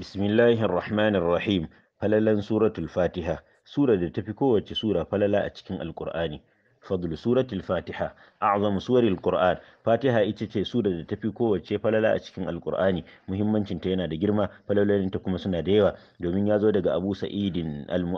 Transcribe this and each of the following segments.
Bismillahir Rahmanir Rahim. Falalan Suratul Fatiha. Sura da tafi kowace sura falala a cikin alkur'ani. fadlu suratul fatiha a'zamu suwaril qur'an fatiha ita ce sura da tafi kowace falala a cikin alqur'ani muhimmancin ta yana da girma falalolin kuma suna da yawa domin ya zo daga abu sa'idin al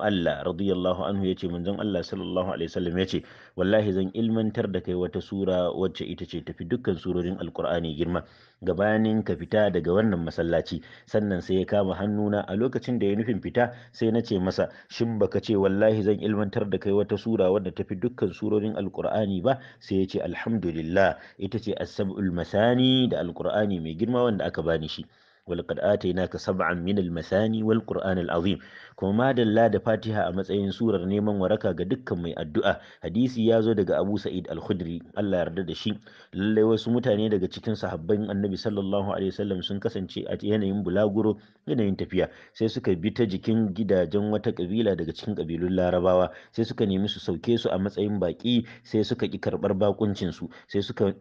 radiyallahu anhu yace manzon Allah sallallahu alaihi wasallam yace wallahi zan ilmantar da kai wata sura wacce ita ce tafi dukkan surorin alqur'ani girma gabanin ka fita daga wannan masallaci sannan sai ya kama hannuna a lokacin da ya nufin fita sai na ce masa shin baka ce wallahi zan ilmantar da kai wata sura wadda tafi dukkan sura surorin alkur'ani ba sai ya ce alhamdulillah ita ce asab'ul masani da alkur'ani mai girma wanda aka bani shi walqad atainaka sab'an min al-masani wal qur'an al-azim kuma madalla da fatiha a matsayin surar neman waraka ga dukkan mai addu'a hadisi ya zo daga abu sa'id al-khudri Allah yarda da shi lallai wasu mutane daga cikin sahabban annabi sallallahu alaihi sun kasance a yanayin bulaguro yanayin tafiya sai suka bi ta jikin gidajen wata kabila daga cikin kabilun larabawa sai suka nemi su sauke su a matsayin baƙi. sai suka ki karbar bakuncin su sai suka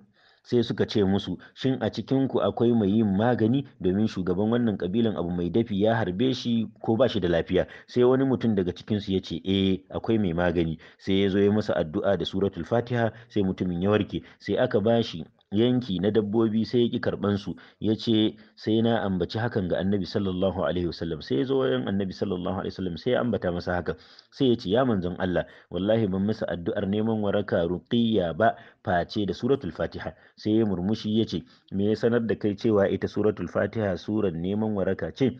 sai suka ce musu shin a cikinku akwai mai yin magani domin shugaban wannan kabilan abu mai dafi ya harbe shi ko ba shi da lafiya sai wani mutum daga cikinsu ya ce eh akwai mai magani sai ya zo ya masa addu'a da suratul fatiha sai mutumin ya warke sai aka ba shi yanki na dabbobi sai ya ƙi su ya ce sai na ambaci hakan ga annabi sallallahu alaihi wasallam sai ya zo wajen annabi sallallahu alaihi wasallam sai ya ambata masa hakan sai ya ce ya manzon Allah wallahi ban masa addu'ar neman waraka ruqiyya ba face da suratul fatiha sai ya murmushi ya ce me ya sanar da kai cewa ita suratul fatiha surar neman waraka ce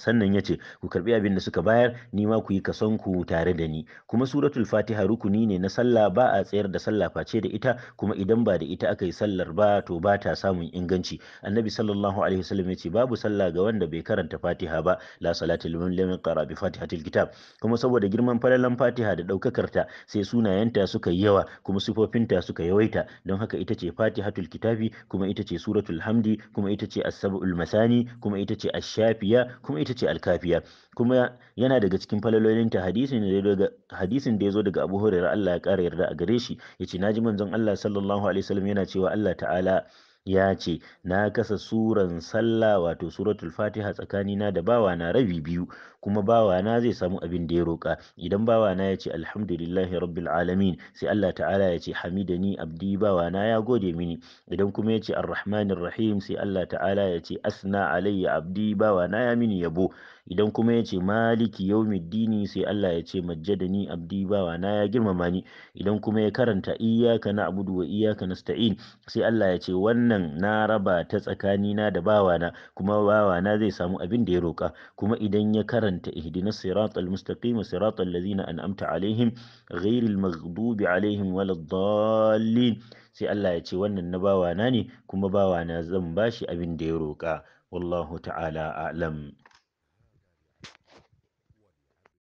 sannan ya ce ku karbi abin da suka bayar ni ma ku yi kason ku tare da ni kuma suratul fatiha rukuni ne na sallah ba a tsayar da sallah face da ita kuma idan ba da ita aka yi sallar ba to ba ta samun inganci annabi sallallahu alaihi wasallam ya ce babu sallah ga wanda bai karanta fatiha ba la salati liman lam yaqra bi fatihatil kitab kuma saboda girman falalan fatiha da daukakarta sai sunayenta suka yi yawa kuma sifofinta suka yawaita don haka ita ce fatihatul kitabi kuma ita ce suratul hamdi kuma ita ce as-sab'ul masani kuma ita ce ash-shafiya kuma ita ce alkafiya kuma yana daga cikin ta hadisin da ya zo daga abu Hurairah allah ya kara yarda a gare shi ya ce naji manzon allah sallallahu alaihi wasallam yana cewa allah ta'ala ya ce na kasa suran sallah wato suratul fatiha tsakanina da bawana rabi biyu kuma bawana zai samu abin da ya roƙa idan bawana ya ce alhamdulillahi rabbil alamin sai Allah ta'ala ya ce hamidani abdi na ya gode mini idan kuma ya ce arrahmanir rahim sai Allah ta'ala ya ce asna alayya abdi bawana ya mini yabo idan kuma ya ce maliki yaumiddini sai Allah ya ce majjadani abdi na ya girmama ni idan kuma ya karanta iyyaka na'budu wa iyyaka nasta'in sai Allah ya ce wannan wannan na raba ta tsakanina da bawana kuma bawana zai samu abin da ya roka kuma idan ya karanta ihdinas siratal mustaqim siratal ladzina an'amta alaihim ghairil maghdubi alaihim waladdallin sai Allah ya ce wannan na bawana ne kuma bawana zan bashi abin da ya roƙa wallahu ta'ala a'lam